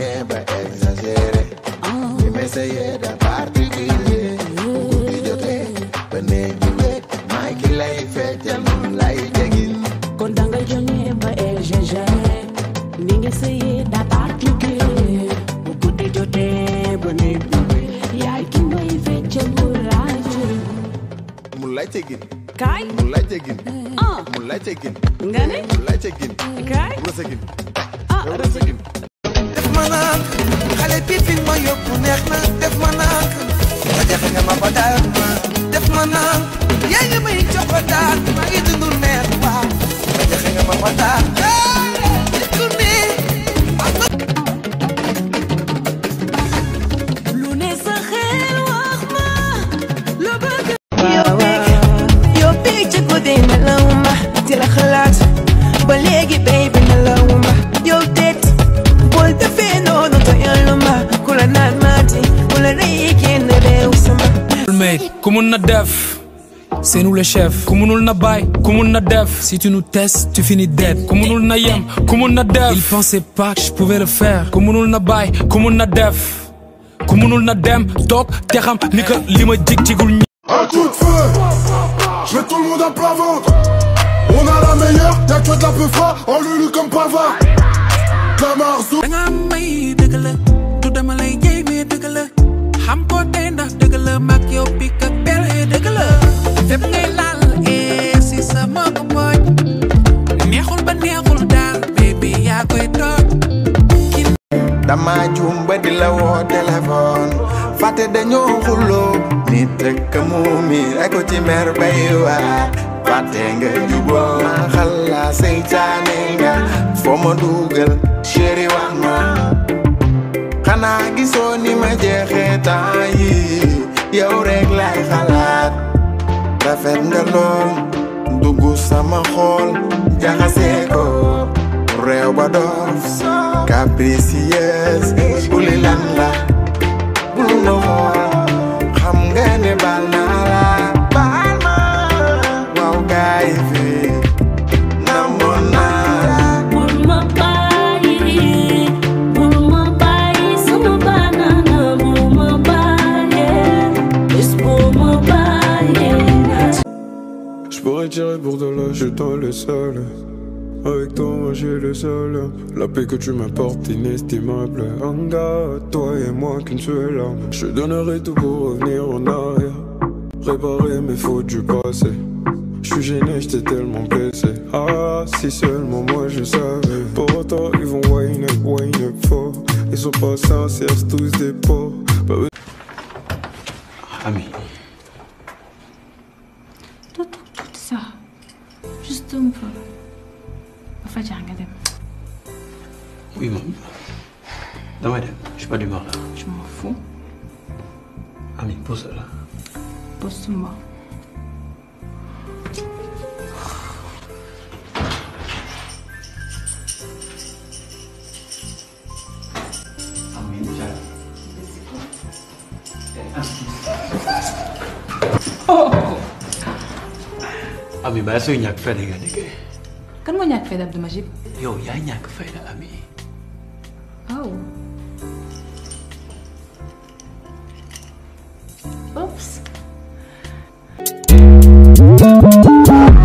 bien ba exagéré ñu ma essayé de particulier guddi jotee ba néeg bi wéet maay ki lay feccal moom lay jegin kon da nga jonge ba exagéré ni nga essayé de particulier guddi jotee ba néeg bi wéet yaay ki may feccal moom lay jegin mu lay jegin kaay mu lay jegin mu lay jegin nga ne mu lay jegin kaay mu lay jegin neex na def ma nànk ma jafe nga ma ba daal ma def ma nànk yaa ngi may jox ba daal maa ngi dundul mate on a na def c'est nous les chefs Comment on na bay Comment on na def si tu nous testes tu finis dead Comment on na yam Comment on na def il pensait pas que je pouvais le faire Comment on na bay Comment on na def Comment on, na dem nigga, terram, xam lima tout ni. feu je mets tout le monde à plat ventre on a la meilleure y'a que de la peu on en lulu comme pava, Camarzo la yow bi ka pelé si baby dama jum ba di la wo téléphone faté dañu xulo ni tek mu mi ci mer bay wa faté nga jubo ma xalla seytane nga foma dugal chéri ma xana ma yow rek laay xalaat rafet nga lool dugg sama xool jaxase réew ba dof capricieuse Je pourrais tirer pour de là, j'étais le seul. Avec toi, moi j'ai le seul. La paix que tu m'apportes, inestimable. En toi et moi qu'une seule là Je donnerai tout pour revenir en arrière. Réparer mes fautes du passé. Je suis gêné, j'étais tellement blessé. Ah, si seulement moi je savais. Pour autant, ils vont wine up, wine up fort. Ils sont pas sincères, tous des pauvres. Bah Ami. Unuttum fa. Ba fa Oui, maman. Damay dem. Je suis pas d'humeur là. Je m'en fous. Ah, mais pose là. Pose-moi. Ami, ah, déjà. C'est quoi? Eh, Ami, ba baaso ñàkk fayda nga nekkee. kan moo ñàkk fayda Abdou Majib. yow ñak ñàkk fayda Ami. oh. oops.